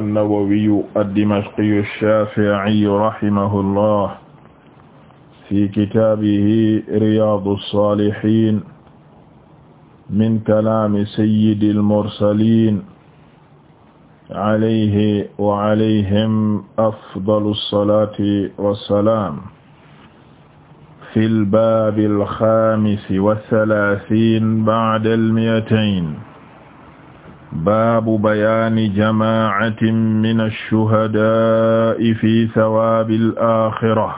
an-Nawawiyu ad-Dimashqiyu ash-Shafi'iyu rahimahullah fi kitaabihi Riyaadu s-Saalihiin min kalaami sayyidil mursaliin alayhi wa alayhim afdalu s-salaati wa s-salaam fil baabil xaamisi wa s-salaasiina ba'dal mi'atayn baabu bayaani jamaacatin mina shuhadaa'i fi sawaabil aaxira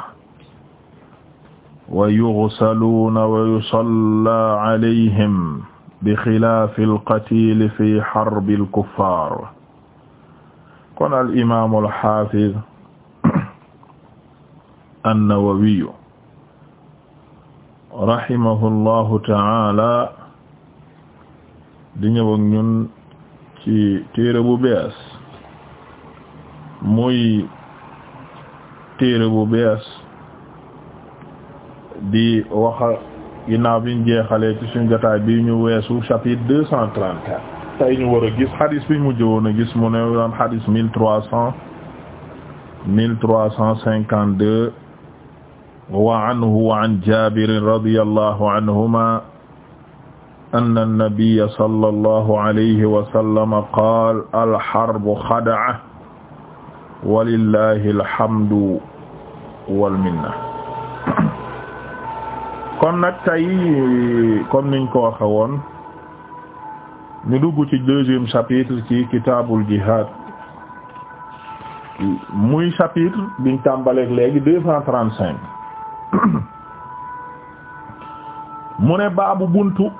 wa yughsaluuna wa yusallaa calayhim bi xilaafil qatiili fi xarbil kuffaar. kon al imaamul xaafiz an-Nawawiyu rahimahullaahu ta'aala di ñëw ak ñun. ci bu bees muy téere bu bees di waxa ginnaaw biñ jeexalee ci suñu jotaay bi ñu weesu chapitre deux cent trente-quatre tey ñu war a gis xadis bi mu jëwoon a gis mu ne woon xadis mille trois cent cinquante-deux wa anhu wa an Jaabir radiyallahu anhuma anna an-nabiyya sallallahu alayhi wa sallam qaala al-harbu xada'a walillahi alhamdu wal minna kon nag tey comme niñ ko waxe woon ñu dugg ci deuxième chapitre ci kitaabul jihad muy chapitre biñ tàmbaleeg léegi deux cent trente cinq mu ne baabu buntu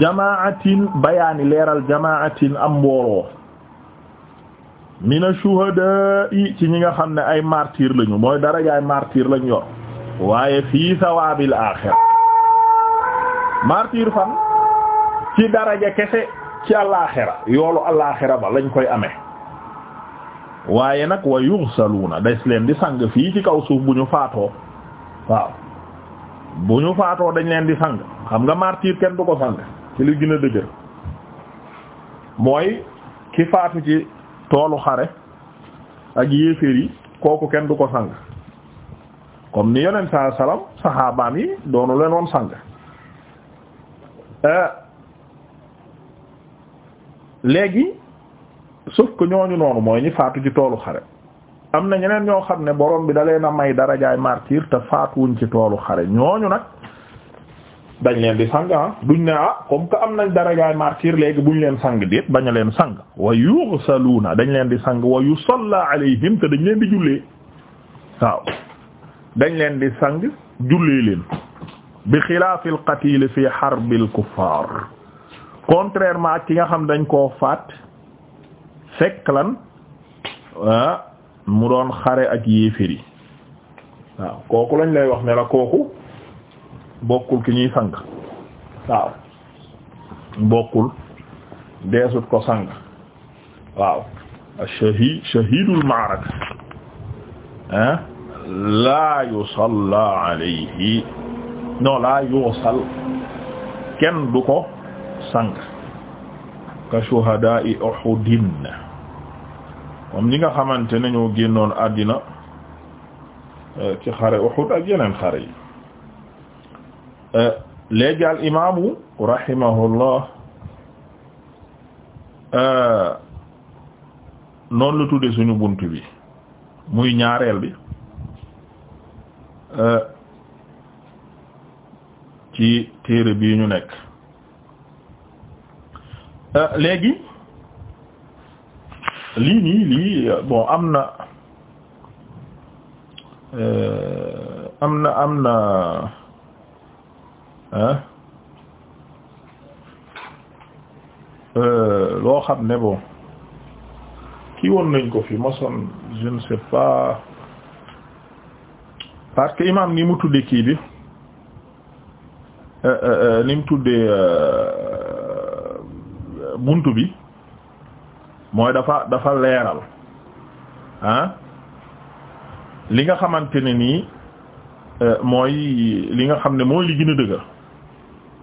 jamaatin bayaani leeral jamaatin am mbooloo mina shuhadaa yi ci ñi nga xam ne ay martyr lañu mooy darajaay martyr lañu yor waaye fii sawaabil aaxira martyr fan ci daraja kese ci alaaxira yoolu alaaxira ba lañ koy ame waaye nag wa yughsaluuna des leen di sang fii ci kaw suuf bu ñu faatoo waaw bu ñu faatoo dañ leen di sang xam nga martyr kenn du ko sang ci li gën a dëgër mooy ki faatu ci toolu xare ak yéeféer yi kooku kenn du ko sang comme ni yeneen sa salaam saxaabaam yi doonu leen woon sang euh, léegi sauf que ñooñu noonu mooy ñi faatu ci toolu xare am na ñeneen ñoo xam ne borom bi da na a may darajaay martyr te faatuwuñ ci toolu xare ñooñu nag dañ leen di sang ah duñ ne ah comme que am nañ daragaay martyr léegi buñ leen sang déet bañ leen sang wa yughsaluna dañ leen di sang wa yusalla alayhim te dañ leen di jullee waaw dañ leen di sang jullee leen bi xilaaf al qatil fi harb al kuffar contrairement ak ki nga xam dañ koo faat fekk lan ah, mu doon xare ak yéeféri waaw kooku lañ lay wax ne la kooku bokkul ki ñuy sang waaw bokkul deesut ko sang waaw ash-shahid shahidul ma'raka ah laa yusalla alayhi non laa yusal kenn du ko sang ka shuhada'i uhudin moom ñi nga xamante ne ñoo génnoon àddina euh, ci xare Uhud ak yeneen xare yi Euh, léegi al imaamu rahimahullah euh, noonu la tudde suñu bunt bi muy ñaareel bi euh, ci téere bi ñu nekk léegi lii nii lii bon am na am na am na Euh, loo xam ne bon kii woon nañ ko fii maçon je ne sais pas parce que imam ni mu tudde kii bi euh, euh, ni mu tudde buntu bi mooy dafa dafa leeral ah li nga xamante ne nii mooy li nga xam ne mooy li gën a dëgër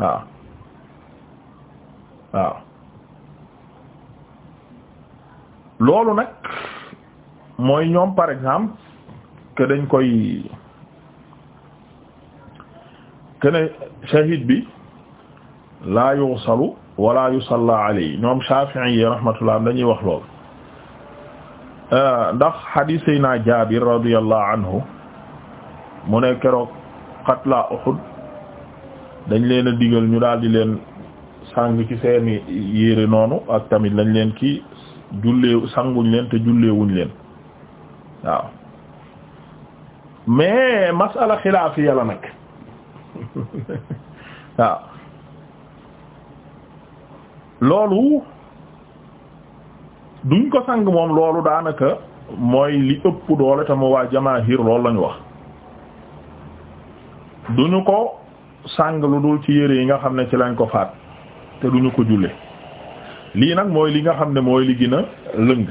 waaw waaw loolu nag mooy ñoom par exemple que dañ koy que ne shahid bi laa yusalu wala yusalla alayhi ñoom Shafi'i yi rahmatullah dañuy wax lool ndax hadith sayna Jaabir radiyallahu anhu mu ne keroog qatla Uhud dañ leen a digal ñu daal di leen sang ci seeni yére noonu ak tamit lañ leen ki jullee sanguñ leen te julleewuñ leen waaw mais masala xilaafi yàlla nag waaw loolu duñ ko sang moom loolu daanaka mooy li ëpp doole tam waa jamaahir loolu lañu wax duñu ko sàng lu dul ci yére yi nga xam ne ci lañ ko faat te duñu ko julle lii nag mooy li nga xam ne mooy li gën a lëng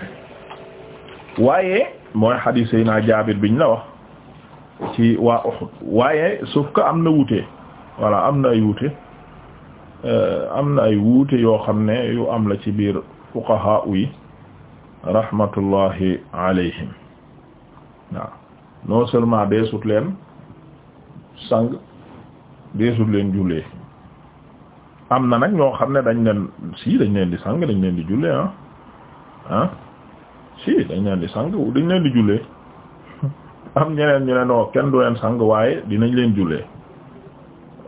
waaye mooy xadiis yi naa jaabir biñ la wax ci waa Uhud waaye sauf que am na wuute voilà am na ay wuute euh, am na ay wuute yoo xam ne yu am la ci biir fuqaha yi rahmatullahi alayhim waaw non seulement deesut leen sang deesul leen jullee am na nag ñoo xam ne dañ leen si dañ leen di sang dañ leen di jullee ah, ah. dañ leen di sang dañ leen di jullee am ñeneen ñu ne non kenn du leen sang waaye dinañ leen jullee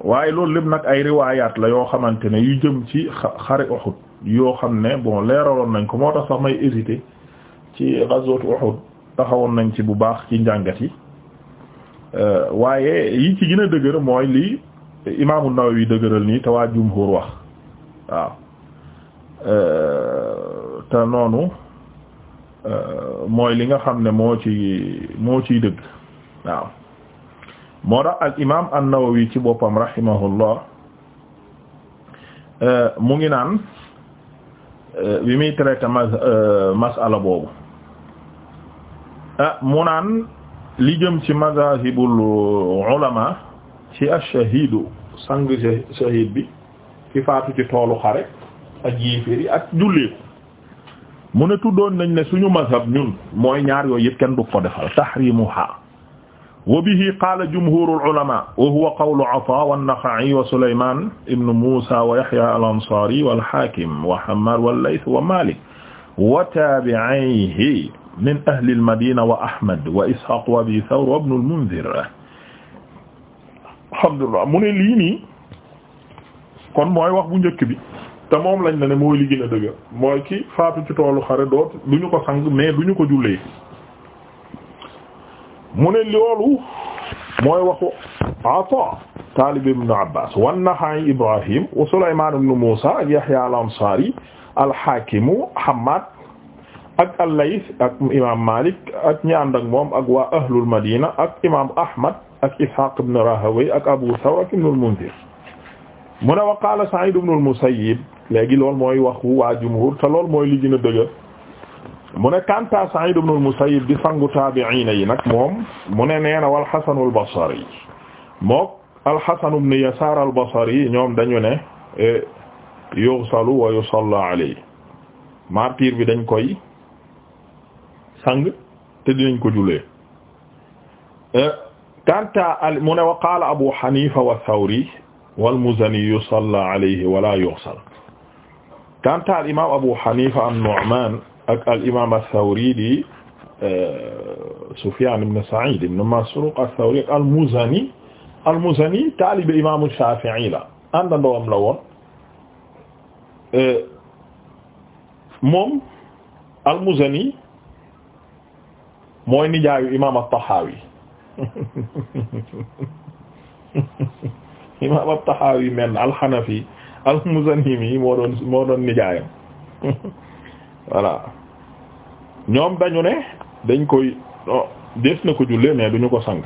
waaye loolu lépp nag ay riwaayaat la yoo xamante ne yu jëm ci xare Uhud yoo xam ne bon leeraloon nañ ko moo tax sax may hésité ci ghazwat Uhud taxawoon nañ ci bu baax ci njàngat yi euh, waaye yi ci gën a dëgër mooy lii imaamu Nawawi dëgëral nii te waa jumhur wax waaw euh, te noonu euh, mooy li nga xam ne moo ci moo ciy dëgg waaw moo tax al imaam an-Nawawi ci boppam rahimahullah euh, mu ngi naan bi muy traité masala boobu ah, mu naan li jëm ci mazahibul ulama ci ash-shahidu sang shahid bi ki faatu ci toolu xare ak yéeféer yi ak julleeku mu ne tuddoon nañ ne suñu mazhab ñun mooy ñaar yooyu yëpp kenn du ko defal tahrimuha wa bihi qaala jumhurul ulama wa huwa qawlu Ataa wan-Naxa'i wa Sulaymaan ibn Muusaa wa Yahyaa al-Ansaari wal-Haakim wa Hammaad wal-Layth wa Maalik wa taabi'ayhi min ahli al-Madiina wa Ahmad wa Ishaaq wa Abii Thawr wa Ibnul Mundhir alhamdulilah mu ne lii nii kon mooy wax bu njëkk bi te moom lañ la ne mooy li gën a dëgg mooy ki faatu ci toolu xare doot du ñu ko sang mais du ñu ko jullee mu ne loolu mooy waxu Ata taalib ibn Abbas wan Ibrahim wa Sulaymaan ibn Muusa ak Yahya al-Ansaari al-Haakimu Hammaad ak al-Layth ak imaam Maalik ak ñi ànd moom ak waa ahlul Madina ak imaam Ahmad ak Ishaq ibn Rahawayh ak Abu Thawr ak Ibn al mu ne wa qaala Sa'id ibn al-Musayyib léegi loolu mooy waxu waa jumhur te lool mooy li gën a dëgër mu ne kanta Sa'id ibn al di sangu taabi'iina yi nag moom mu ne nee na wal Hasan al-Basri mook al-Hasan ibn Yasaar ñoom dañu ne e, yughsalu wa yusalla alayhi martyr bi dañ koy sang te dinañ ko jullee e, kanta al mu ne wa qaala abu hanifa wa thawri wal muzani yusalla alayhi wala yughsal kanta al imam abu hanifa an-nu'man ak al imam ath-thawri di e, sufyan ibn sa'id ibn masruq ath-thawri al muzani al muzani taalibe imam shafi'i la àndandoom la woon e, moom al muzani mooy nijaayu imam at-tahawi imam at-Tahawi men al-Hanafi al-Muzani mi moo doon moo doon nijaayam voilà ñoom dañu ne dañ koy def na ko jullee mais duñu ko sang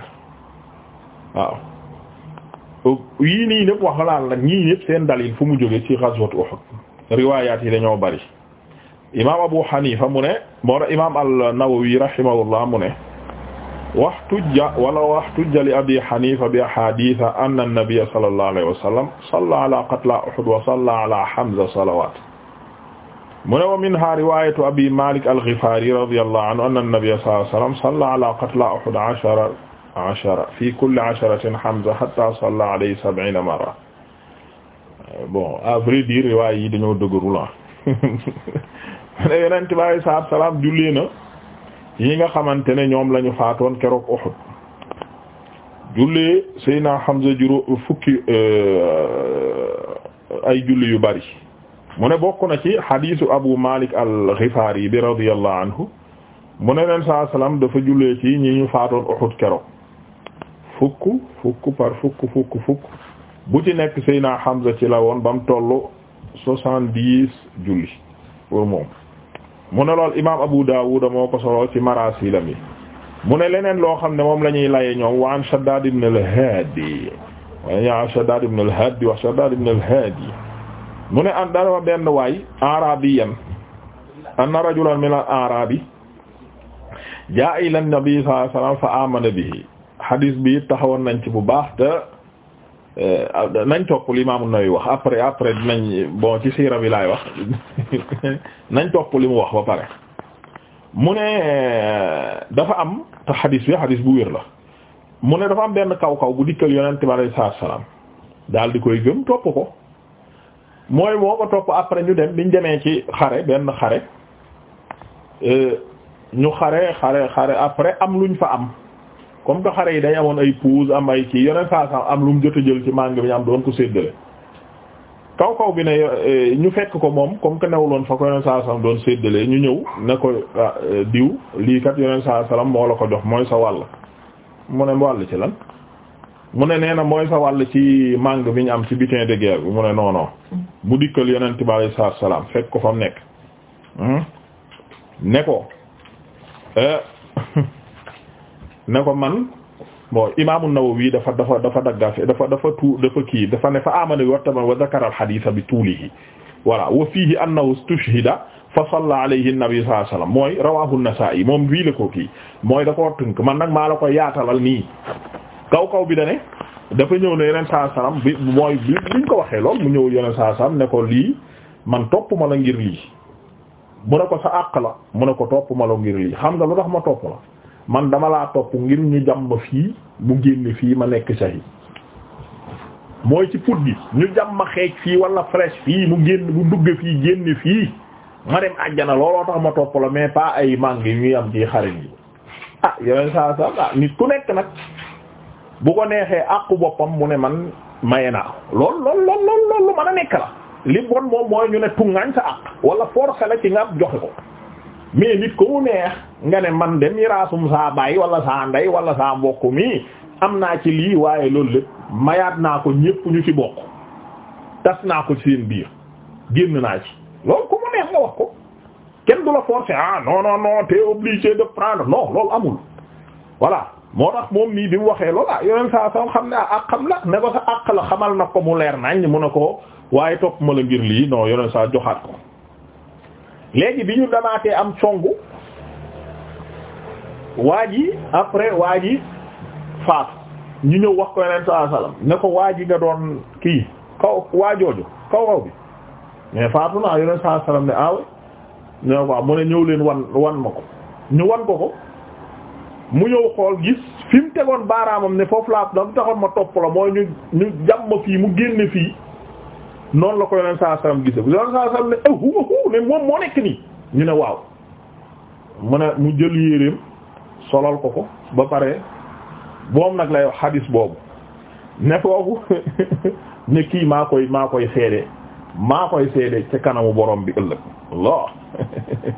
waaw yii nii ñëpp wax laal nag ñii ñëpp seen dalil fu mu jóge ci ghazwat riwaayaat yi dañoo bari imam Abu Hanifa mu ne moo imam an-Nawawi rahimahullah mu ne waxtujja wala waxtujja li abi xanifa bi ahaditha anna annabiyya sallallahu alayhi wa sallam salla ala qatla uhud wa salla ala hamza salawat mu ne wa minha riwayatu abi malik al-ghifari radiyallahu anhu anna annabiyya sallallahu alayhi wa sallam salla ala qatla uhud ashara ashara fi kulli asharatin hamza hatta salla alayhi sab'ina marra bon à vrai dire riwaay yi dañoo dëgërul ah ne yonent bi alayhi salaatu wa salaam julli na yi nga xamante ne ñoom lañu faatoon keroog Uhud jullee Seydina Hamza juróom fukki euh, ay julli yu bari mu ne bokk na ci hadisu Abu Malik al-Ghifari bi radiyallahu anhu mu ne leen saa salaam dafa jullee ci ñi ñu faatoon Uhud keroog fukk fukk par fukk fukk fukk bu ci nekk Seydina Hamza ci la woon ba mu toll soixante-dix julli pour moom mu ne lool imaam Abu Dawud moo ko solo ci maraasilam yi mu ne leneen loo xam ne moom lañuy ñuy laye ñoom wa an Shaddad ibn al-Hadi wa an Shaddad ibn al-Hadi mu ne an dara waay arabiyan anna rajulan min al-arabi jaa'a ila an-nabi sallallahu alayhi fa amana bihi hadis bi taxawoon nañ ci bu baax te Euh, nañ topp li Imaamu Nawawi wax après après dinañ bon ci siira bi laay wax nañ topp li mu wax ba pare mu ne euh, dafa am te xadis bi xadis bu wér la mu ne dafa am benn kaw kaw bu dikkal yonent bi alayhi salaatu salaam daal di koy gëm topp ko mooy moo ko topp après ñu dem biñ demee ci xare benn xare euh, ñu xare xare xare après am lu luñ fa am comme que xare yi day amoon ay puus am ay ci yoneen faasam am lu mu jot a jël ci màng bi ñu am doon ko séddale kaw kaw bi ne eh, ñu fekk ko moom comme que newuloon fa ko yoneen faasam doon séddale ñu ñëw ne ko ah, eh, diw lii kat yoneen faasam moo la ko jox mooy sa wàll mu ne wàll ci lan mu ne nee na mooy sa wàll ci màng bi ñu am ci butin de guerre bi mu ne non non mu dikkal yonent bi alayhi salaatu wa salaam fekk ko fa mu nekk hmm? ko. Eh, ne ko man bon Imaam an dafa dafa dafa daggafe dafa dafa tu dafa kii dafa ne fa amana bi wattama wa zakara al-hadith bi tuulihi voilà wa fiihi annahu istushhida fa salla alayhi an-nabi sallallahu mooy rawahu an-Nasa'i moom wii la ko kii mooy da koo tënk man nag maa la ko yaatalal nii kaw kaw bi dane dafa ñëw ne yeneen saa salaam bi mooy bi liñ ko waxee lool mu ñëw yeneen saa salaam ne ko lii man topp ma la ngir lii mu ne ko sa àq la mu ne ko topp ngir lii xam nga lu ma topp la man dama laa topp ngir ñu jàmm ma fii mu génn fii ma nekk shahid mooy ci put bi ñu jàmm ma xeej fii wala flèche fii mu génn mu dugg fii génn fii ma dem àjjana looloo tax ma topp la mais pas ay mangue yi ñuy am ci xarit yi ah yeneen saa saa ah nit ku nekk nag bu ko neexee àqu boppam mu ne man maye naa lool lool lool lool lool lu mën a nekk la li bon moom mooy ñu ne tuŋaañ sa àq wala forcer la ci nga joxe ko mais nit ko mu neex nga ne man de miraasum saa baay wala saa ndey wala saa mbokk mi am naa ci lii waaye loolu lépp mayaat naa ko ñépp ñu ci bokk tas naa ko seen biir génn naa ci loolu ko mu neex nga wax ko kenn du la forcer ah non non non t'es de prendre non loolu amul voilà moo tax moom nii bi mu waxee loolu ah yeneen saa sam xam ne ah xam la ne ko sa àq la xamal na ko mu leer nañ mu ne ko waaye topp ma la ngir lii non yeneen saa joxaat ko léegi bi ñu damaatee am songu waa ji après waa ji faatu ñu ñëw wax ko yeneen saa salaam ne ko waa ji nga doon kii kaw waa jooju kaw kaw bi mais faatu naa yeneen saa salaam ne aawe ah ñoo ko mu ne ñëw leen wan wan ma ko ñu wan ko ko mu ñëw xool gis fi mu tegoon baaraamam ne foofu laa dam taxoon ma topp la mooy ñu ñu jàmm fii mu génne fii noonu la ko yoneen saa salaam gise bu yoneen saa salaam ne huwahu eh, ne moom moo nekk nii ñu ne waaw mu ne mu jël yéreem solal ko ko ba pare boom nag la wax xadis boobu ne foofu kii maa koy maa koy seede maa koy seede ci kanamu borom bi ëllëg Allah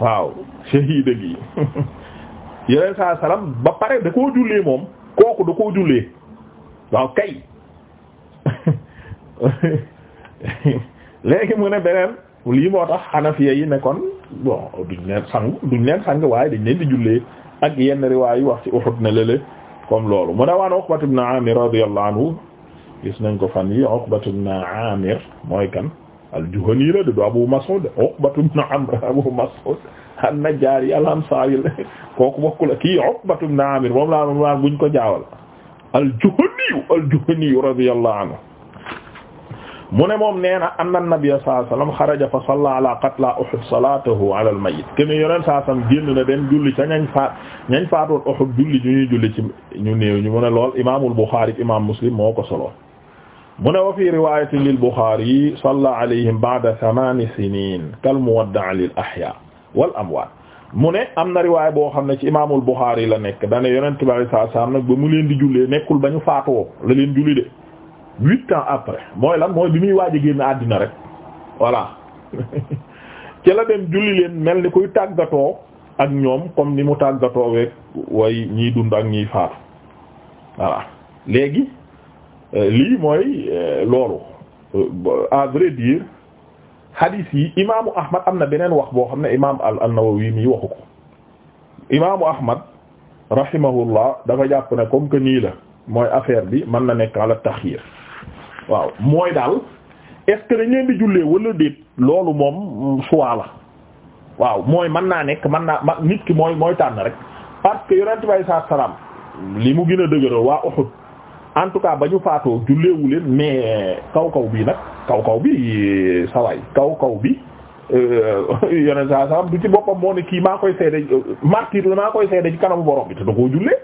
waaw shahida gi yoneen saa salaam ba pare da koo jullee moom kooku da koo jullee waaw kay léegi mu ne beneen lii moo tax xanafiya yi ne kon bon duñ leen sang duñ sang waaye dañ leen di jullee ak yenn riwaay yi wax ci Uhud ne lële comme loolu mu ne waan Uqbat ibn Amir radiyallahu anhu gis nañ ko fan yi Uqbat ibn Amir mooy kan al-Juhani la du Abu Mas'ud Uqbat ibn Amr Abu Mas'ud an-Najjari al-Ansari kooku bokku la kii Uqbat ibn Amir moom laa moom laa buñ ko jaawal al-Juhani al-Juhani radiyallahu mu ne moom nee na anna nabiyya sallallahu alayhi wasallam xaraja fa salla ala qatla Uhud salatahu ala al-mayyit kenn yoneen saa sallam génn na dem julli ca ñañ faat ñañ faatoon Uhud julli ñu ñuy julli ci ñu néew ñu mu ne lool imaamul Buxaari imaam Muslim moo ko solo mu ne wa fii riwaayatin lil Buxaari salla alayhim ba'da thamani sinin kal muwadda'i lil ahya wal amwaat mu ne am na riwaay boo xam ne ci imaamul Buxaari la nekk dane yonent bi sallallahu alayhi wasallam nag ba mu leen di jullee nekkul ba ñu faatoo la leen julli de huit ans après mooy lan mooy bi muy waaj a génn àddina rek voilà ci la dem julli leen mel ni kuy tàggatoo ak ñoom comme ni mu tàggatoo weeg woy ñiy dund ak ñii faatu voilà léegi euh, lii mooy euh, loolu euh, à vrai dire hadis yi imaamu Ahmad am na beneen wax boo xam ne imaam an-Nawawi mii waxu ko imaamu Ahmad rahimahullah dafa jàpp ne comme que nii la mooy affaire bi mën na nekk ala taxir waaw mooy daal est-ce dañ leen di jullee wala déet loolu moom choix la waaw mooy mën naa nekk mën naa ma nit ki mooy mooy tànn rek parce que yonent bi saa salaam li mu gën a dëgëral waa Uhud en tout cas ba ñu faatoo julleewu leen mais kaw kaw bii nag kaw kaw bi sawaay kaw kaw bi euh, yonent saa salaam du ci boppam moo ne kii maa koy seede euh, martyr la maa koy seede ci kanamu borom bi te da koo jullee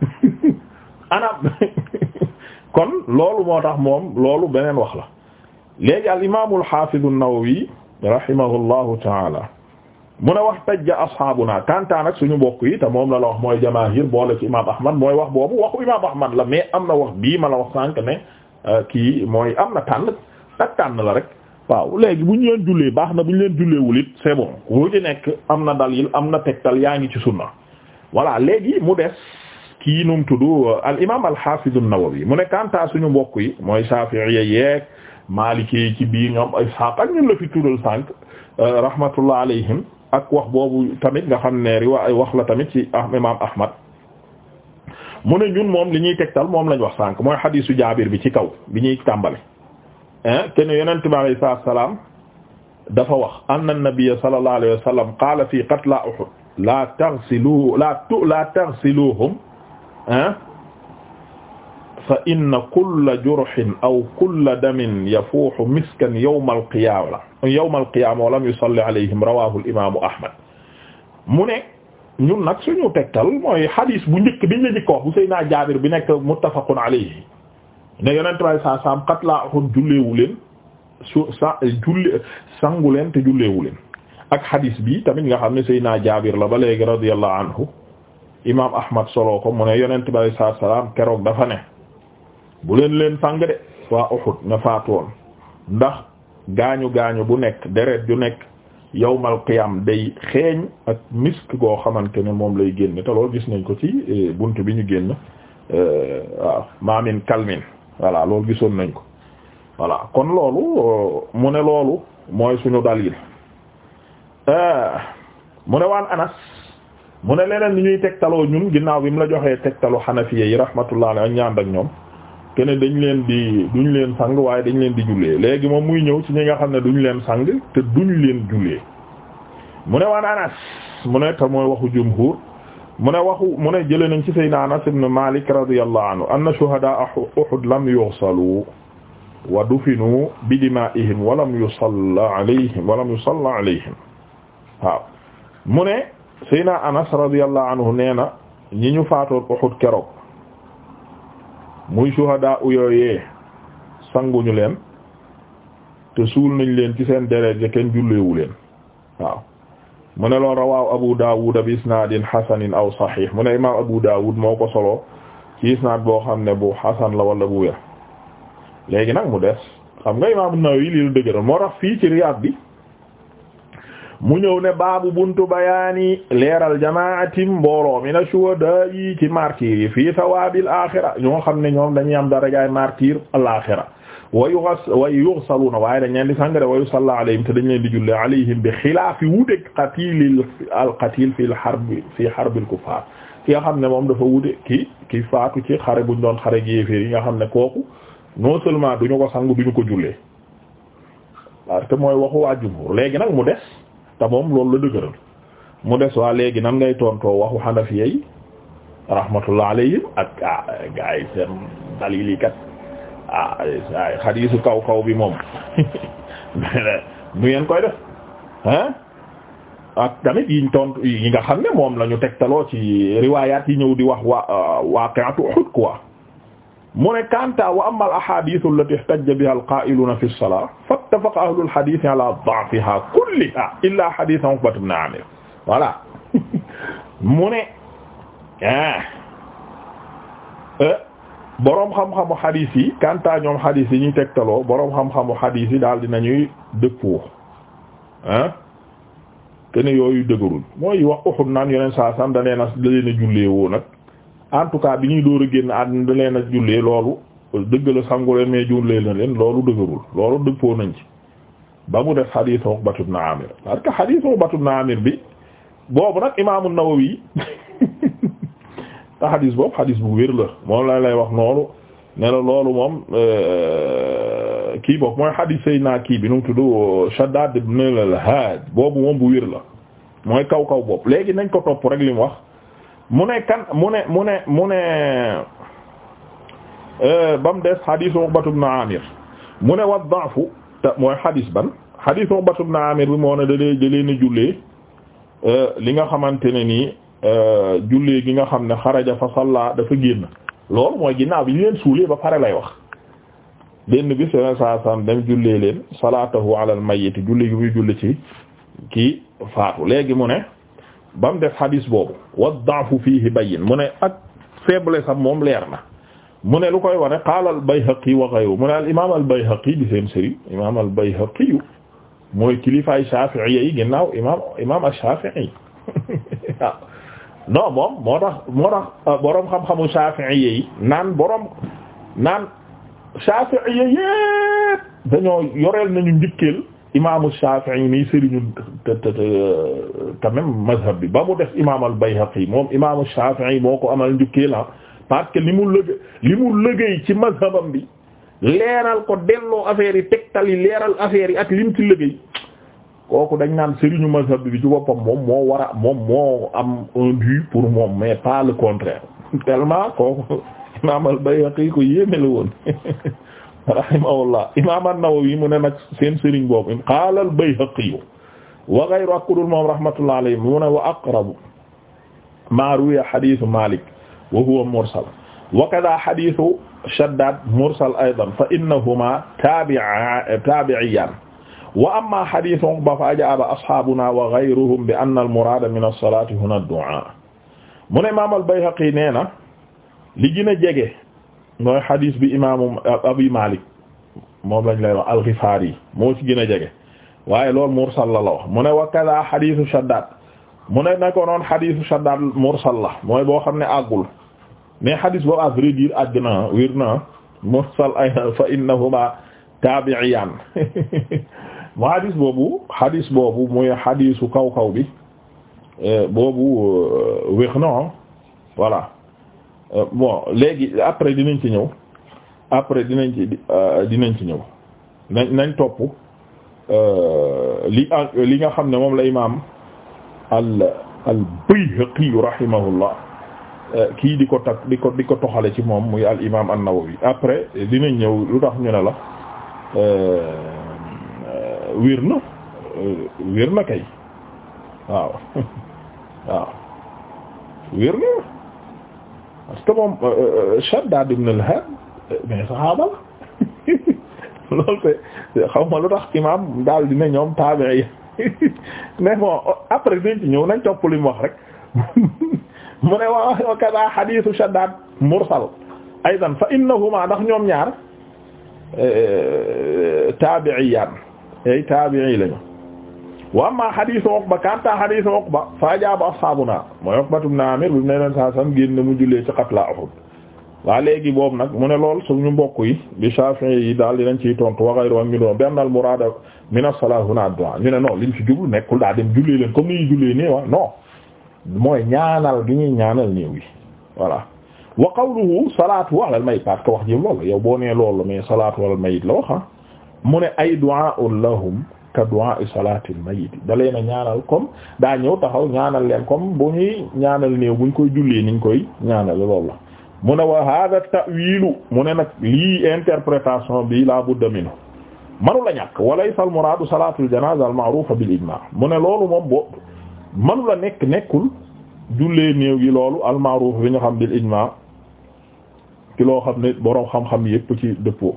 kon loolu moo tax moom loolu beneen wax la léegi al imaamu al xaafidu an-Nawawi rahimahullahu taala mu ne wax tajja ashaabuna kantaan ak suñu mbokk yi te moom la la wax mooy jamaahir boole ci imaam Ahmad mooy wax boobu waxu imaam Ahmad la mais am na wax bii ma la wax sànq ne euh, kii mooy am na tànn ak tànn la rek waaw léegi bu ñu leen jullee baax na bu ñu leen wul it c'est bon ci nekk am na dal dalil am na tegtal yaa ngi ci sunna voilà léegi mu des kii num tudd al imam al hafiz an-Nawawi mu ne kanta suñu mbokk yi mooy Shafi'iyya yeeg Maliki ci bii ñoom Ishaq ak ñun la fi tuddal sànq euh, rahmatullah alayhim ak wax boobu tamit nga xam ne riwaay wax la tamit ci ah, imam Ahmad mu ne ñun moom li ñuy tegtal moom lañu wax sànq mooy hadisu Jaabir bi ci kaw bi ñuy tàmbale kenn yonent bi alayhi salaam dafa wax anna nabiyya sallallahu alayhi wa sallam fi qatla Uhud la la tu la taghsiluhum fa inna kulla jurhin aw kulla damin yafuuhu miskan yawma alqiyaama yawma alqiyaama wa lam yusalli alayhim rawaahu alimaamu Ahmad mu ne ñun nag suñu tegtal mooy xadis bu njëkk biñ la njëkk wax bu Seydina Jaabir bi nekk muttafaqun alayhi ne yonent bi saa saam qatlaaxun julleewu leen su sa julle sangu leen te julleewu leen ak xadis bi tamit nga xam ne Seydina Jaabir la ba léegi radiyallahu anhu imaam Ahmad solo ko mu ne yonent bi saa salaam keroog dafa ne bu leen leen sàng de waa Uhud ña woon ndax gaañu gaañu bu nekk deret ju nekk yawmal qiyam day xeeñ ak misk goo xamante ne moom lay génn te loolu gis nañ ko ci e, bunt bi ñu génn e, waaw maamin kalmin voilà loolu gisoon nañ ko voilà kon loolu e, mu ne loolu mooy suñu dalil mu ne waan Anas mu ne leneen li ñuy tegtaloo ñun ginnaaw bi mu la joxee tegtalu xanafiya yi rahmatullah alayhi ñaan ak ñoom kene dañu leen di duñ leen sang waaye dañ leen di jullee léegi moom muy ñëw ci ñi nga xam ne duñ leen sang te duñ leen jullee mu ne waan anas mu ne te mooy waxu jumhur mu ne waxu mu ne jëlee nañ ci sayyidina anas ibn malik radiyallahu anhu anna shuhada uhud lam yusalu wa dufinu bi dima'ihim wa lam yusalla alayhim wa lam yusalla alayhim waaw mu ne Seyna Anas radiyallahu anhu nee na ñi ñu faatoon Uhud keroog muy shuhadaa yooyee sanguñu leen te suul nañ leen ci seen deret ja kenn julleewu leen waaw mu ne lool rawaaw Abu Daawud bi isnaadin hasanin aw sahih mu ne imaam Abu Daawud moo ko solo ci isnaad boo xam ne bu hasan la wala bu wér léegi nag mu des xam nga imaam An-Nawawi li lu dëgëral moo tax fii ci Riyaad bi. mu ñëw ne baabu buntu bayaani leeral jamaati mbooloo mi na shuhada yi ci martyrs yi fii sawaabil axira ñoo xam ne ñoom dañuy am darajaay martyr al axira wa yughas wa yughsaluna waaye dañ leen di sangare wa yusalla te dañ leen di jullee alayhim bi xilaafi wuuteeg qatil al qatil fi al harb fi harb al kuffar ki nga xam ne moom dafa wuute ki ki faatu ci xare buñ doon xare yéeféer yi nga xam ne kooku non seulement duñu ko sang duñu ko jullee parce mooy waxu waa jumhur léegi nag mu des te moom loolu la dëgëral mu des waa léegi nan ngay tontoo waxu xanafiya yi rahmatullah alayhim ak ah gars seen dalil kat ah ay xadiisu kaw kaw bi moom nu ngeen koy def ah ak tamit yiñ tont yi nga xam ne moom lañu ñu tegtaloo ci riwaayaat yi ñëw di wax waa waaqi'atu Uhud quoi. mu ne kanta wa amma al ahadithu allati ihtajja biha al fi as-salah ahlu al ala da'fiha kulliha illa hadith Uqbat ibn Amir voilà mu ne ah eh, boroom xam-xamu hadith kanta ñoom hadith yi ñuy tegtaloo boroom xam-xamu hadith yi daal dinañuy dëppoo ah te ne yooyu dëgërul mooy wax Uhud naan yeneen saa sam da nee a en tout cas bi ñuy door a génn àddina da leen a jullee loolu dëgg la sangu leen mais jullee na leen loolu dëgërul loolu dëppoo nañ ci ba mu def hadith Uqbat ibn Amir parce que hadith Uqbat ibn Amir bi boobu nag Imaam An-Nawawi te hadith boobu hadith bu wér la moom la lay wax noonu ne la loolu moom euh, kii boobu mooy hadith Seydina kii bi nu mu tudd Shaddad ibn al-Had boobu moom bu wér la mooy kaw kaw boobu léegi nañ ko topp rek li mu wax. mu ne kan mu ne mu ne mu ne euh, ba mu des hadith Uqbatu ibn Amir mu ne wa da'fu te mooy hadith ban hadith Uqbatu ibn Amir bi moo ne da lee da leen jullee euh, li nga xamante ne nii euh, jullee gi nga xam ne xaraja fa salla dafa génn loolu mooy ginnaaw bi ñu leen suulee ba pare lay wax benn bis yeneen saa saam dem jullee leen salaatahu ala al julli gi muy julli ci kii faatu léegi mu ne ba mu def xadiis boobu wa da'fu fiihi bayyin mu ne ak faiblesse am moom leer na mu ne lu koy wane qaala al-Bayhaqi wa ghayruhu mu ne al imaam al-Bayhaqi di seen sëriñ imaam al-Bayhaqi mooy kilifaay Shaafi'i yi ginnaaw imaam imaam ash-Shaafi'i waaw ah. non moom moo tax moo tax ah, boroom xam-xamu Shaafi'i yi naan boroom naan Shaafi'i imaamu Shaafi'i mii sëriñu te te quand même mazhab bi ba mu def imaamal al-Bayhaqi moom imaamu Shaafi'i moo ko amal njukkee la ah, parce que li mu lëg li mu lëgëy ci mazhabam bi leeral ko delloo affaire yi tegtal yi leeral affaire yi ak lim ci lëgëy kooku dañ naan sëriñu mazhab bi ci boppam moom moo war a moom moo am un pour moom mais pas le contraire tellement kooku imaam al-Bayhaqi ko yéeme la woon rahimahullah imam an-Nawawi mu ne nag seen sëriñ boobu qaala al-Bayhaqi wa ghayru ak kudul moom rahmatullah alayhi mu ne wa aqrabu ma ruwiya hadithu Malik wa huwa mursal wa kadha hadithu Shaddad mursal aydan fa innahuma tabi'a tabi'iyan wa amma hadithu ba fa ajaba ashabuna wa ghayruhum bi anna al-murada min as-salati huna ad-du'a mu ne imam al-Bayhaqi nee na li gën a jege mooy xadiis bi imaamu Abi Malik lay wax al-Ghifari moo ci gën a jege waaye loolu mursal la la wax mu ne wa kaza Shaddad mu ne na ko noon Shaddad mursal la mooy boo xam ne àggul mais xadiis boobu à vrai dire àgg na mursal ay fa innahuma taabi'iyaan mu xadiis boobu xadiis boobu muy xadiisu kaw kaw bi eh, boobu eh, wér na Euh, bon léegi après dinañ ci ñëw après dinañ ci euh, dinañ ci ñëw nañ nañ topp euh, li li nga xam ne moom la imaam al al Bayhaqi rahimahullah kii di ko takk di ko di ko toxale ci moom muy al imaam an-Nawawi après dinañ ñëw lu tax ñu ne la wir na wir na kay waaw wir na parce que moom euh, euh, euh, Shaddad ibn al-Had mais la loolu te xaw ma lu tax imaam daal dina ñoom taabi'i mais bon après dañ ci ñëw nañ topp li mu wax rek mu ne wa kaza hadithu Shaddad mursal aydan fa innahuma ndax ñoom ñaar tabi ya taabi'i lañu wa amma hadisu Uqba kanta hadisu Uqba fa jaabu ashaabuna mooy Uqba ibn Amir bi mu ne leen saa sam génn mu jullee ci qatla Uhud waa léegi boobu nag mu ne lool ñu mbokk yi bi Shafi'i yi daal dinañ ciy tontu wa ghayru ñu doon benn al muraad min as-salaat huna ad-du'aa ñu ne non liñ ci jublu nekkul daa dem jullee leen comme ni ñuy nii wa non mooy ñaanal gi ñuy ñaanal néew yi voilà wa qawluhu salaatu alal mayit parce que wax ji loolu yow boo nee loolu mais salaatu alal mayit la ah. mu ne ay du'aa lahum ka du'a salaatil mayyit da leen a ñaanal comme daa ñëw taxaw ñaanal leen comme bu ñuy ñaanal néew buñ koy jullee niñ koy ñaanal loolu la mu ne wa hada ta'wilu mu ne nag lii interprétation bi la budda minhu manu la ñàkk walaysa al muraadu salaatul janaaza al ma'ruufa bil mu ne loolu moom boo manu la nekk nekkul jullee néew yi loolu al ma'ruuf bi ñu xam bil ijmaa ci xam ne boroom xam-xam yépp ci dëppoo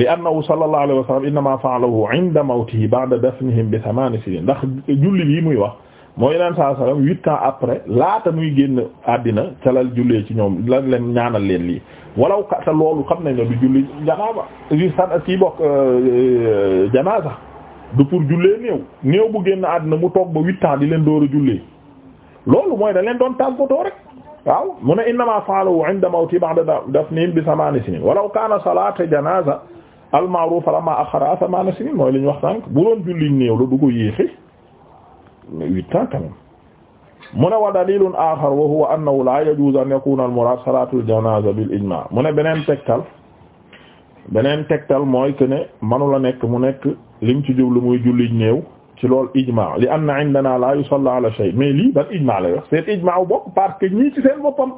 li annahu sallallahu alayhi wa sallam innama fa'alahu inda mawtihi ba'da dafnihim bi thamani sinin ndax julli bi muy wax mooy yeneen saa sallam huit ans après laata muy génn àddina calal jullee ci ñoom lan leen ñaanal leen lii walaw kata loolu xam nañ ne du julli janaaba ju kii bokk euh, euh, janaasa du pour jullee néew néew bu génn àddina mu toog ba huit di leen door a loolu mooy da leen doon tàggatoo rek waaw mu ne innama fa'alahu inda mawti ba'da dafnihim kana salata janaza almaaruufa lammaa axara samaana sinin mooy li ñu wax sànq bu doon julli néew la du ko yéexi mais huit ans quand même mu ne wa dalilun axar wa huwa annahu la yajuuzu an yakuna al muraad salaatul janaaza mu ne beneen tegtal beneen tegtal mooy que ne manu la nekk mu nekk lim ci jublu muy julli néew ci lool ijmaa li anna indana la yusalla ala seen ijmaa bopp parce que ci seen boppam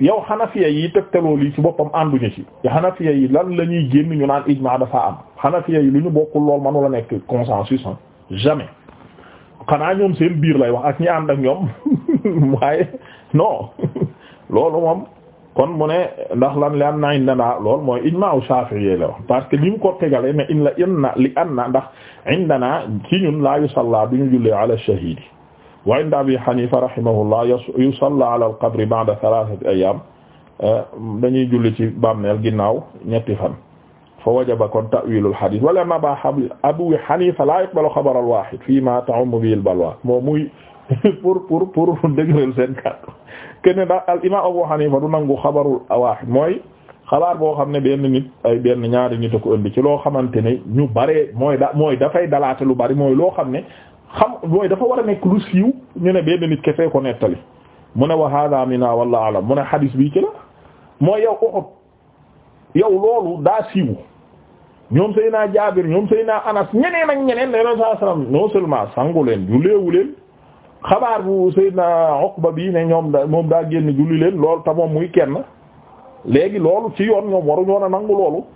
yow xanafiya yi tegtaloo lii ci boppam ànduñu ci xanafiya yi lan la ñuy génn ñu naan ijmaa dafa am xanafiya yi lu ñu bokkul lool manu la nekk consensus ah jamais xanaa ñoom seen biir lay wax ak ñi ànd ak ñoom waaye non loolu moom kon mu ne ndax lan li am na indana lool mooy ijmaa Shafi'i la wax parce que li mu ko tegale mais in la inna li anna ndax indana ci ñun la yusalla duñu jullee ala shahidi wa inda abi hanifa rahimahullah yusalla ala al qabri ba'da thalathati ayyam eh, dañuy julli ci bàmmeel ginnaaw ñetti fan fa wajaba kon ta'wilul hadith wala ma ba abu hanifa la yaqbalu xabar al wahid fi ma ta'ummu bihi al balwa moom muy pour pour pour dëgëral seen kàddu kenn daal al imam abu hanifa du nangu xabarul wahid mooy xabaar boo xam ne benn nit ay benn ñaari nit a ko indi ci loo xamante ne ñu bare mooy da mooy dafay dalaate lu bari mooy loo xam ne xam mooy dafa war a nekk lu siiw ñu ne benn nit kefee ko nettali mu ne wa hada mina walla alam mu ne xadiis bii ci la mooy yow Uhud yow loolu daa siiw ñoom Seydina Jaabir ñoom Seydina Anas ñeneen ak ñeneen ne Yonent saa salaam non seulement sangu leen julleewu leen xabaar bu Seydina Uqba bii ne ñoom da moom daa génn julli leen loolu te moom muy kenn léegi loolu ci yoon ñoom waru ñoon a nangu loolu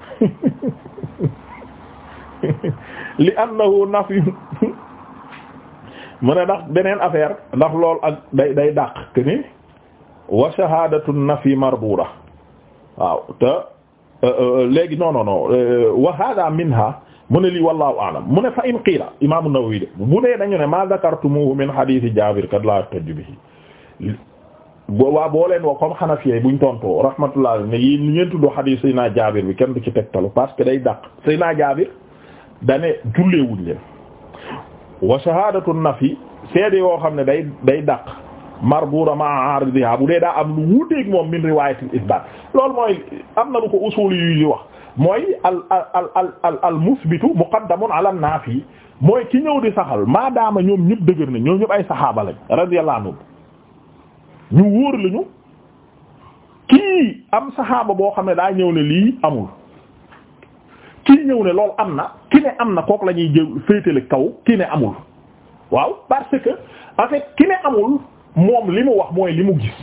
li annahu nafyu mu ne ndax beneen affaire ndax lool ak day day dàq que ni wa shahadatu nafi marbuda waaw te euh, euh, léegi non non non euh, wa hada minha mu ne lii wallahu a'lam mu ne fa in qiila imaamu Nawawi de bu dee dañu ne ma zakartumuhu min hadith Jaabir kad la tajju bihi boobaa boo leen woo comme xanafiyey buñ tontoo rahmatullah ne yi ñu ngeen tuddoo xadiis naa Jaabir bi kenn du ci tegtalu parce que day dàq Seydina Jaabir dane julleewuñ leen wa shahadatu nafi seede yoo xam ne day day dàq marbura ma aridiha bu dee daa am lu wuuteeg moom min riwayatil isbat loolu mooy am na lu ko usul yu yi wax mooy al al al al al musbitu muqaddamun ala nafi mooy ki ñëw di saxal maadaama ñoom ñëpp dëgër na ñoom ñëpp ay saxaaba lañ radiyallahu anhum ñu wóor lañu kii am saxaaba boo xam ne daa ñëw ne lii amul kii ñëw ne lool am na ki ne am na kooku lañuy ñuy jëw féetale kaw ki ne amul waaw parce que en fait ki ne amul moom li mu wax mooy li mu gis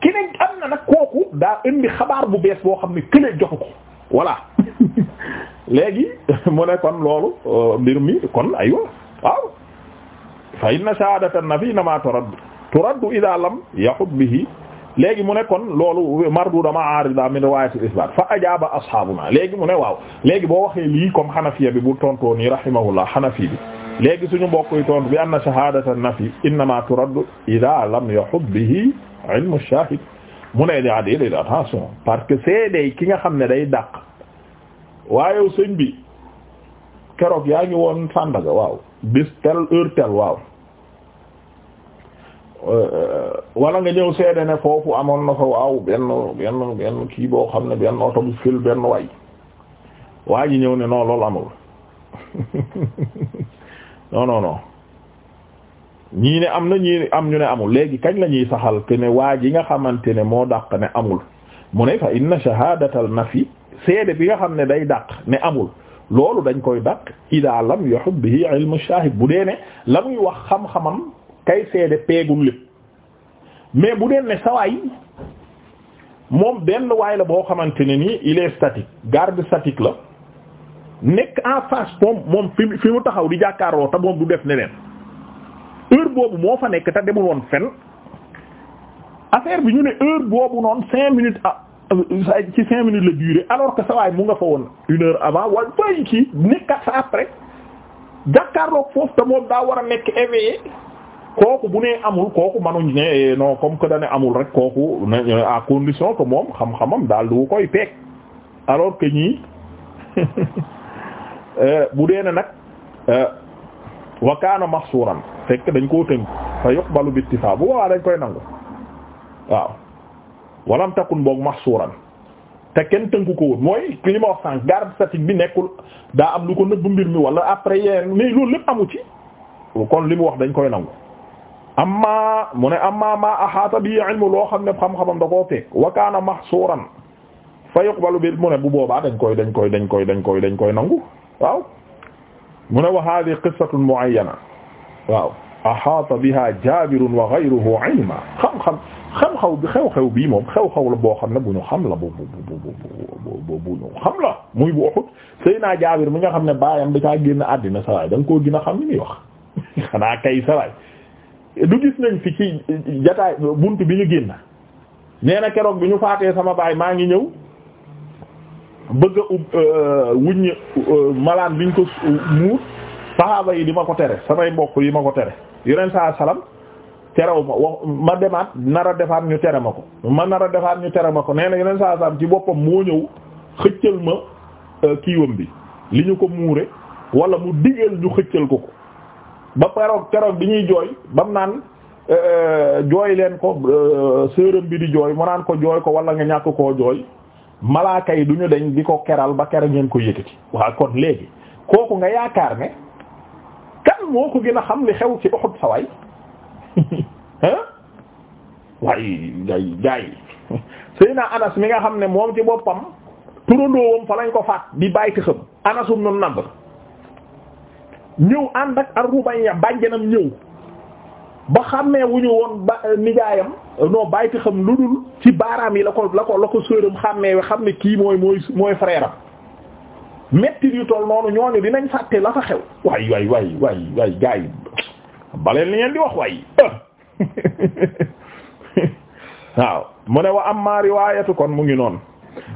ki ne am na nag kooku daa indi xabaar bu bees boo xam ne kële joxu ko voilà léegi mu ne kon loolu euh, mbir mi kon aywa waaw fa inna shahadatan nafi nama turaddu turaddu ida lam yahut bihi léegi mu ne kon loolu marduda ma arida min riwayatil isbat fa ajaaba ashaabuna léegi mu ne waaw léegi boo waxee lii comme xanafiya bi bu tontoo nii rahimahullah xanafi bi léegi suñu mbokk yi tontu bi anna shahadata nafi innama turaddu ida lam yahut bihi ilmu shahid mu ne daa déedéet attention parce que seedey ki nga xam ne day dàq sëñ bi keroog yaa ngi woon Sandaga waaw bis tel waaw wala nga ñëw seede ne foofu amoon na fa waaw benn benn benn kii boo xam ne benn oto bu fil benn way waa ji ñëw ne non loolu amul non ñii ne am na am ñu ne amul léegi kañ lañuy ñuy saxal te ne waa ji nga xamante ne moo dàq ne amul mu ne fa inna shahadatal nafi seede bi nga xam ne day dàq ne amul loolu dañ koy dàq ida lam yuhib bihi ilmu shahid bu dee ne la muy wax xam-xamam ay seede peegul lépp mais bu deen ne sawaay moom benn waay la boo xamante ne nii il est statique garde statique la nekk en face moom moom fi fi mu taxaw di jàkkaarloo te moom du def neneen heure boobu moo fa nekk te demul woon fen affaire bi ñu ne heure boobu noon cinq minutes ah euh, ci cinq minutes la durée alors que sawaay mu nga fa woon une heure avant wala fay kii nekkat sa après jàkkaarloo foofu te moom daa war a nekk éveillé kooku bu nee amul kooku manuñ ne eh, non comme que dane amul rek kooku euh, à condition ko moom xam-xamam daal du koy peeg alors que ñii euh, bu dee ne nag euh, wa kaana mahsuuran fekk dañ koo tënk fa yuqbalu bi ittifaq bu boobaa dañ koy nangu waaw walam takun boog mahsuuran te kenn tënku ko woon mooy li ma wax sànq garde statique bi nekkul daa am lu ko nëbb mbir mi wala après yéen mais loolu lépp amu ci kon li mu wax dañ koy nangu amma mu ne amma ma ahaata bi ilmu loo xam ne xam-xamam da koo fekk wa kaana mahsuuran fa yuqbalu bi mu ne bu boobaa dañ koy dañ koy dañ koy dañ koy dañ koy nangu waaw mu ne wa hadi qissatun muayyana waaw ahaata biha jabirun wa ghayruhu ilma xam-xam xew-xew bi xew-xew bii moom xew-xew la boo xam ne bu ñu xam la bu bu bu bu ñu xam la muy bu Uhud Seydina Jaabir mi nga xam ne baayam da caa génn àddina sawaay da nga koo gën a xam ni muy wax xanaa kay sawaay du gis nañ fi ci jataay bunt bi ñu génn nee na keroog bi ñu faatee sama baay maa ngi ñëw bëgg a ub euh, wuññ euh, malaan biñ ko muur saxaaba yi di ma ko tere samay mbokk yi ma ko tere yeneen saa salam terew ma demaat nar a defaat ñu tere ma ko ma nara defaat ñu tere ma ko nee na yeneen saa salam ci boppam moo ñëw xëccal ma euh, kiiwam bi li ñu ko muure wala mu digal ñu xëccal ko ko ba peroog keroog bi ñuy jooy bam naan eh, eh, jooy leen ko eh, séeram bi di jooy mu naan ko jooy ko wala nga ñàkk koo jooy malaaka yi du ñu dañ di ko keral ba keral ngeen ko yëkkati waaw kon léegi kooku nga yaakaar ne kan moo ko gën a xam li xew ci Uhud sawaay hein waaye gay gay Seydina Anas mi nga xam ne moom ci boppam turandoowam fa lañ ko faat di bàyyi xam Anasum nu Nadr ñëw ànd ak ar-Rubayya bàjjanam ñëw ba xàmmee wu ñu woon ba euh, nijaayam euh, non bàyyi xam lu dul ci baaraam yi la ko la ko la ko sëram xàmmee wi xam ne kii mooy mooy mooy frère am metti yu toll noonu ñooñu dinañ fàtte la fa xew waay waay waay waay waay gars li ngeen di wax waay waaw mu ne wa amma riwaayatu kon mu ngi noonu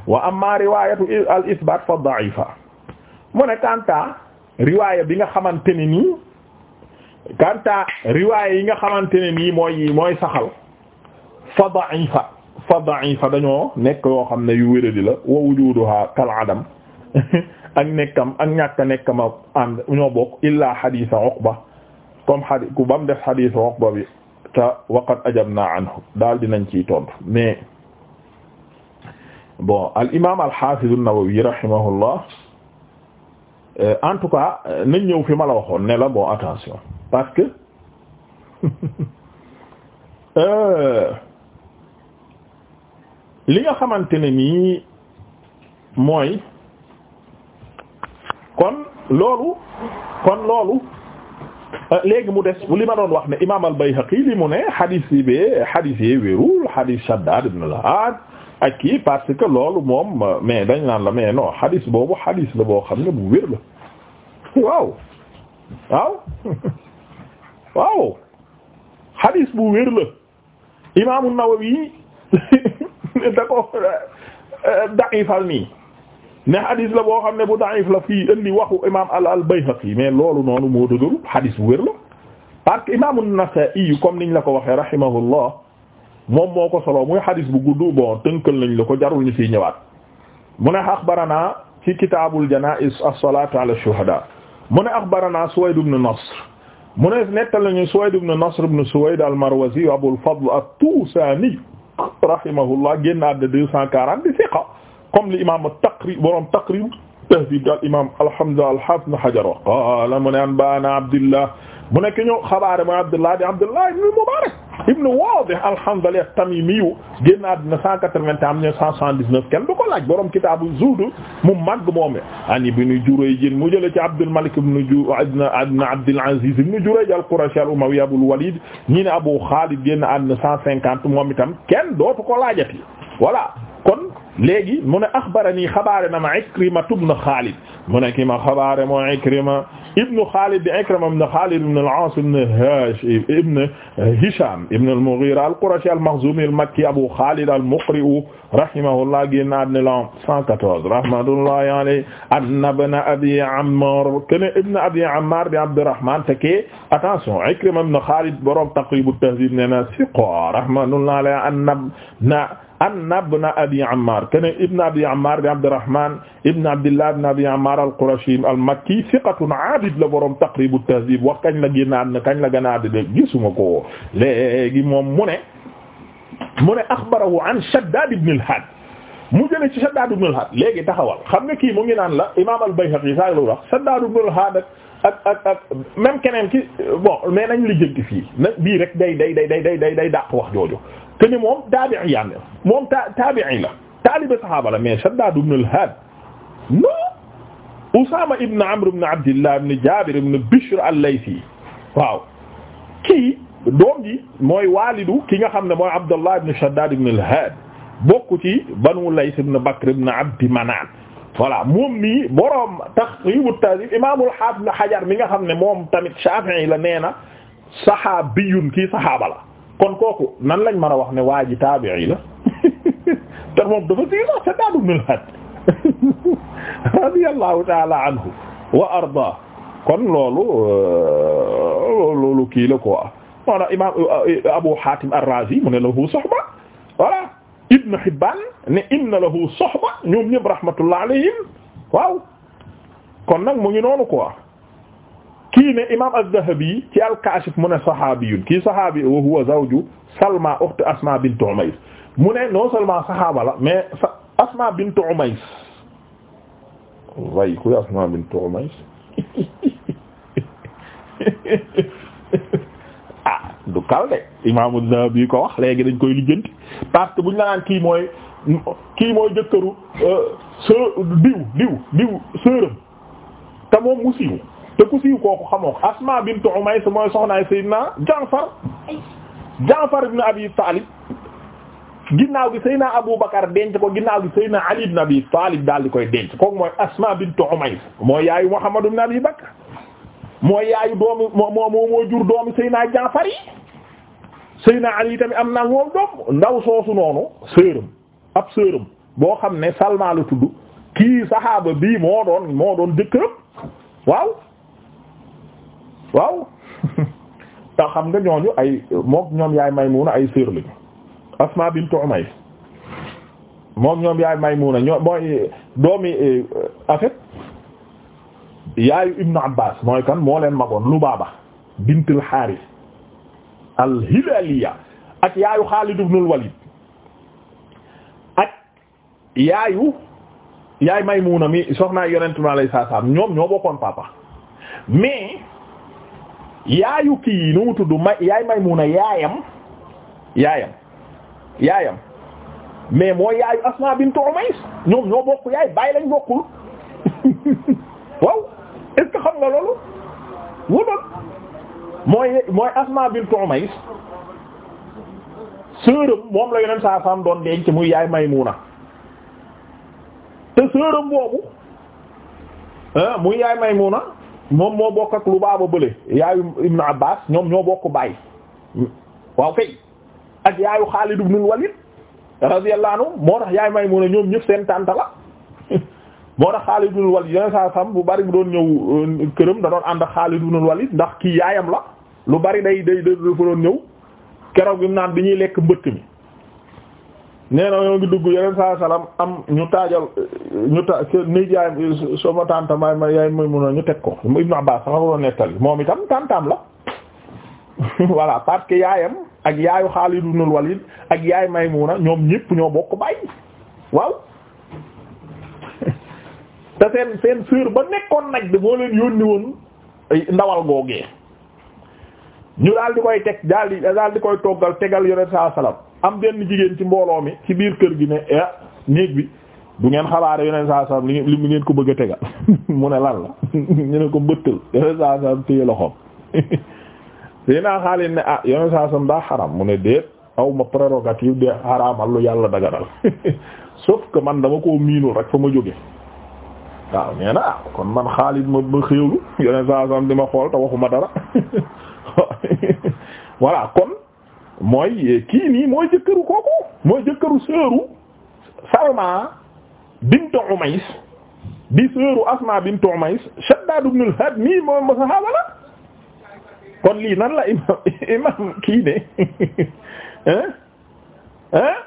wa amma riwaayatu al isbaat fa da'ifa mu ne kanta riwaaya bi nga xamante ne nii kanta riwaaya yi nga xamante ne nii mooy mooy saxal fa da'ifa fa da'ifa nekk yoo xam ne yu wéradi la wa wujuduha kal adam ak nekkam ak ñàkk nekkam ak ànd ñoo bokk illaa ku ba mu def xadiisa Uqba bi te waqad ajabna anhu daal dinañ ciy tontu mais bon al imaam al xaafiz Euh, en tout cas euh, nañ ñëw fi ma la waxoon ne la bon attention parce que euh, li nga xamante ne nii mooy kon loolu kon loolu léegi mu des li ma doon wax ne imaam al-Bayhaqi li mu ne xadis yi bee xadis yi wérul xadis Shaddad ibn al ak kii parce que loolu moom mais dañ naan la mais noo xadis boobu xadis la boo xam ne bu wér la waaw waaw waaw bu wér la imaamu Nawawi da ko euh, daifal nii ne xadis la boo xam ne bu daif la fii indi waxu imaam al al Bayhaqi mais loolu noonu moo dëgëru xadis bu wér la parce que imaamu Nasaa'i comme niñ la ko waxee rahimahullah moom moo ko solo muy xadis bu gudd bon tënkal nañ la ko jarul ñu fiy ñëwaat mu ne axbarana ci kitaabul janaa'iz as-salaatu ala shuhadaa mu ne axbarana Suwayd ibn Nasr mu ne nettal nañu Suwayd ibn Nasr ibn Suwayd al-Marwazi Abul Fadl at-Tusaani rahimahullah génn àddina deux cent quarante di siqa comme li imaam at-Taqrib borom Taqrib Tahdhib al imaam al-Hamza al-Haafiz Ibn Hajar wa qaala mu Abdullah mu nekk ñëw xabaare ma Abdullah di Abdullah ibn Mubarak ibn Wadih al-Hanzali at-Tamimi génn àddina 180 am na 179 kenn du ko laaj borom kitaabu Zuhd mu màgg moome an Ibn Jurayj mu jëlee ci Abdul Malik ibn Abdul Aziz ibn Jurayj al-Qurashi al-Umawi Abul Walid ñi ne Abu Khalid génn àddina 150 moom itam kenn dootu ko laajati voilà kon léegi mu ne axbarani xabaare na ma Ikrima ibn Xaalid mu ne ki ma xabaare moo Ikrima ibn Xaalid di Ikrima ibn Xaalid ibn al-Aas ibn Haashim ibn Hishaam ibn al-Mughiira al-Qurashi al-Makhzuumi al-Makki Abu Xaalid al-Muqri rahimahullah génnaat na la 114 rahmatullahi alayhi anna ibna Abi Ammaar kaana ibn Abi Ammaar di Abdurrahmaan teke attention Ikrima ibn Xaalid borom Taqriib at-Tahziib nee na siqa rahmatullahi alayhi anna anna ibn abi ammar kana ibn abi ammar bi abdurrahman ibn abdillah ibn abi ammar al-qurashi al-makki thiqatun abid la borom taqrib at-tahdhib wax kañ la génnaat na kañ la gënaat de gisuma ko léegi moom mu ne mu ne akhbarahu an shaddad ibn al-had mu jëlee ci Shaddad ibn al-Had léegi taxawal xam nga kii mu ngi naan la imaam al-Bayhaqi saa yu wax Shaddad ibn al-Had ak ak ak même keneen ki bon mais nañ li jënti fii nag bii rek day day day day day day day dàq wax jooju que ni moom taabi'i yaan moom ta taabi'i la taalibe saxaaba la mais Shaddaad ibn al-Haad no Usaama ibn Amr ibn Abdillah ibn Jaabir ibn Bishr al-Laythi waaw kii doom ji mooy waalidu ki nga xam ne mooy Abdullah ibn Shaddaad ibn al-Haad bokk ci Banu Layth ibn Bakr ibn Abdi Manaan voilà moom mii boroom Taqriib at-Tahziib imaamul Haafiz Ibn Hajar mi nga xam ne moom tamit Shaafi'i la nee na saxaabiyun kii saxaaba la kon kooku nan lañ mën a wax ne waa ji taabi'i la te moom dafa siiw Saddaad ibn al-Hadd radiyallahu ta'ala anhu wa ardaa kon loolu euh, loolu kii la quoi imaam euh, Abu Hatim ar-Razi mu ne lahu suhba voilà Ibn Hibban ne inna lahu suhba ñoom ñëpp rahmatullah alayhim waaw kon nag mu ngi noonu quoi kii ne imaam az-Zahabi ci al-Kaashif mu ne saxaabiyun kii saxaabi wa huwa zawju Salma uxtu Asma bint Umays mu ne non seulement saxaaba la mais Asma bint Umays way kuy Asma bint Umays ah du kal de imaam az-Zahabi ko wax léegi dañ koy lijjanti parce que buñ la naan kii mooy kii mooy jëkkëru euh, sœur diw diw diw sœuram te moom mu te ku siiw kooku xamoo Asma bintu Umays mooy soxnaay Seydina Jaafar Jaafar ibn Abi Talib ginnaaw gi Seydina Abu Bakar denc ko ginnaaw gi Seydina Ali ibn Abi Talib daal di koy denc kooku mooy Asma bintu Umays mooy yaayu Muhammad ibn Abi Bakr mooy yaayu doomi moo moo jur doomi Seydina Jaafar yi Seydina Ali tamit am naa moom doom ndaw soosu noonu sërëm ab sërëm boo xam ne Salma la tudd kii saxaaba bii moo doon moo doon jëkkëram waaw waaw te xam nga ñooñu ay mook ñoom yaay Maymuna ay sœur lañu Asma bintu Umays moom ñoom yaay Maymuna ñoo mooy eh, doomi eh, en fait Ibnu Abbas mooy kan moo leen magoon Lubaaba baaba Haaris al-Hilaaliya ak yaayu Xaalid ibnul Waliid ak yaayu yaay Maymuna mi soxnaa Yonent mi alayhi salaam ñoom ñoo bokkoon papa mais. yaayu kii nu mu tudd may yaay Maymuna yaayam yaayam yaayam mais mooy yaayu Asma bintu Umays ñoom ñoo bokk yaay bàyyi lañ bokkul waaw est-ce que xam nga loolu wuloon mooy mooy Asma bintu Umays sërëm moom la yeneen saa saam doon denc muy yaay Maymuna te sërëm boobu ah, muy yaay Maymuna moom moo bokk ak Lubaaba bële yaayu Ibn Abbas ñoom ñoo bokk baay waaw kay ak yaayu Xaalid ibn Walid radiyallahu anhu moo tax yaay Maymuna ñoom ñëpp seen tànta la moo tax Xaalid ibn Walid yeneen saa bu bari bu doon ñëw euh, këram da doon ànd ak Xaalid ibn ndax kii yaayam la lu bari day day day dafa doon ñëw keroog bi mu naan bi ñuy lekk mbëtt mi nee na ñoo ngi dugg yeneen saa salaam am ñu taajal ñu ta nit yaay sama may may mun a ñu teg ko Ibn Abbas sax ko nettali moom itam tantaam la voilà parce que yaayam ak yaayu Xaalid ibn Walid ak yaay Maymuna ñoom ñépp ñoo bokk baay waaw te seen seen sœur ba nekkoon nag de boo leen yónni woon ndawal googee ñu daal di koy teg daal di daal di koy toggal tegal yoneen saa salaam am benn jigéen ci mbooloo mi ci biir kër gi ne ah néeg bi du ngeen xabaare yeneen saa saam li li ngeen ko bëgg a tegal mu ne lan la ñu ne ko bëttal yeneen saa saam téye loxoom fii naa xaalis ne ah yeneen saa saam daa xaram mu ne déet aw ma prérogative de xaraamal lu yàlla dagaral sauf que man dama koo miinul rek fa ma jóge waaw nee na ah, kon man xaalis ma ma xéewlu yeneen saa saam di ma xool te waxuma dara voilà kon. mooy kii nii mooy jëkkëru kooku mooy jëkkëru sëru Salma bintu Umays di sëru Asma bintu Umays Shaddad ibn al-Had nii moom ma saxaaba la kon lii nan la imam imam kii ne hein hein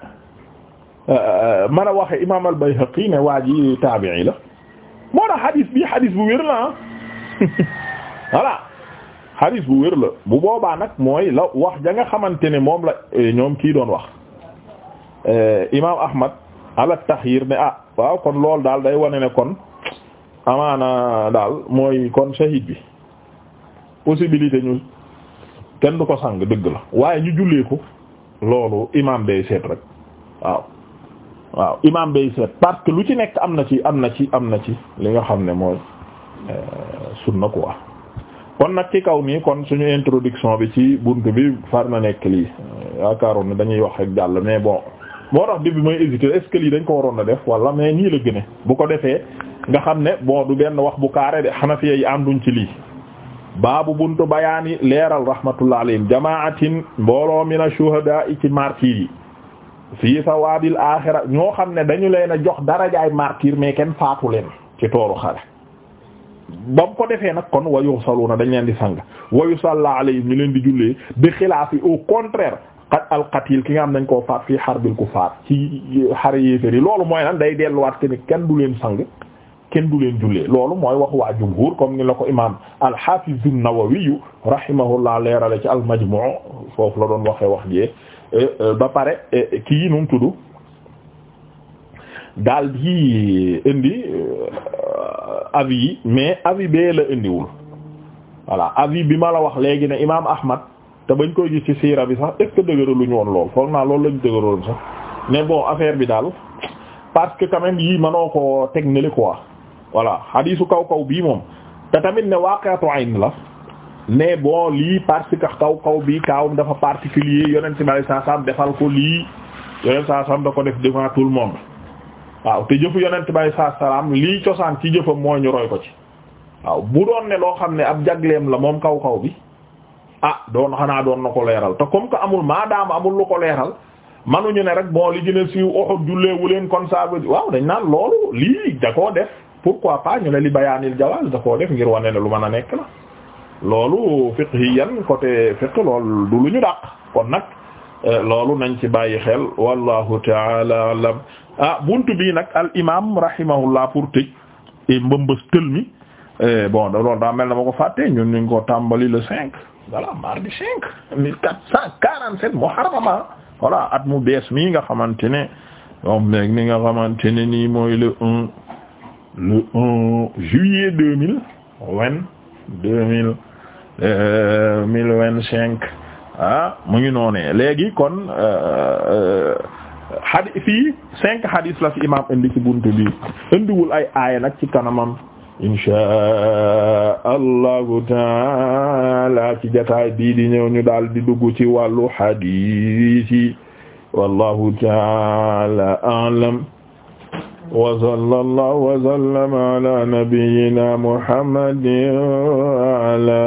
euh, man a waxe imam al-Bayhaqi ne waa ji taabi'i la moo tax xadis bi xadis bu wér la ah voilà xadis bu wér la bu boobaa nag mooy la wax ja nga xamante ne moom la eh, ñoom kii doon wax eh, imaam Ahmad ala taxir ne ah waaw kon loolu daal day wane ne kon amaana daal mooy kon shahid bi possibilité ñu kenn du ko sang dëgg la waaye ñu jullee ko loolu imaam bay rek waaw waaw imaam bay parce que lu ci nekk am na ci am na ci am na ci li nga xam ne mooy eh, sunna quoi kon nag ci kaw nii kon suñu introduction bi ci bunt bi far na nekk lii yaakaaroon ne dañuy wax rek jàll mais bon moo tax début mooy hésité est-ce que dañ ko waroon a def wala mais nii la gëne bu ko defee nga xam ne bon du benn wax bu kaare de Hanafiya yi ànduñ ci lii baabu buntu bayaani leeral rahmatullah jamaa jamaatin mbooloo mi na shuhadaa ci martyr yi fii sawaabil aaxira ñoo xam ne dañu leen a jox darajaay martyr mais kenn faatu leen ci tooru xare ba mu ko defee nag kon wayu na dañ leen di sang wayu salla alayhim ñu leen di jullee bi xilaaf yi au contraire qat al qatil ki nga xam dañ koo faat fii xarbil kufaar ci xare yéeféer yi loolu mooy lan day delluwaat ni kenn du leen sang kenn du leen jullee loolu mooy wax waa jumhur comme ni la ko imam al-Hafiz an-Nawawi rahimahullah leerale ci al-Majmu' foofu la doon waxee wax jee eh, eh, ba pare eh, kii nu mu tudd daal di indi avis mais avis bee la indiwul voilà avis bi ma la wax léegi ne imaam Ahmad te bañ koy gis ci siira bi sax est ce que woon lool foog naa loolu lañ dëgëraloon sax mais boo affaire bi daal parce que quand yii mënoo koo teg ne quoi voilà xadiisu kaw kaw bii moom te tamit ne waaqi'atu ayn la mais bon lii parce que kaw kaw bi kaawum dafa particulier yonent bi sallallahu alayhi wasallam defal ko lii yonent sallallahu alayhi wasallam da ko def devant tout le monde. waaw te jëfu yonent bay saa salaam lii cosaan ci jëfam mooy ñu roy ko ci waaw bu doon ne loo xam ne ab jagleem la moom kaw kaw bi ah doon xanaa doon na ko leeral te comme que amul maadaama amul lu ko leeral ñu ne rek moo li gën si siiw Uhud julleewu leen kon saa waaw dañ naan loolu lii da koo def pourquoi pas ñu ne li bayaanil jawaaz da koo def ngir wane ne lu mën a nekk la loolu fiqhiyan côté fiqh loolu du lu ñu dàq kon nag Euh, loolu nañ ci bàyyi xel wallahu taala alam ah buntu bi nag al imam rahimahullah pour tëj e mbëmbës tël mi eh, bon da loolu daa mel na ma ko fàtte ñun ñu ngi ko le cinq voilà mardi cinq mille quatre cent quarante sept muharram voilà at mu bees mii nga xamante ne moom meeg mi nga xamante ne nii mooy le un le un juillet deux mille vingt deux mille euh, mille vingt cinq ah mu ngi noonee léegi kon xadi euh, euh, fii cinq xadis la fi imam indi ci buntu bi indiwul ay aaya nag ci kanamam insha allahu taala ci jataay bii di ñëw ñu daal di dugg ci wàllu xadis yi wallahu taala a'lam wa sallallahu wa sallama ala nabiyyina muhammadin wa ala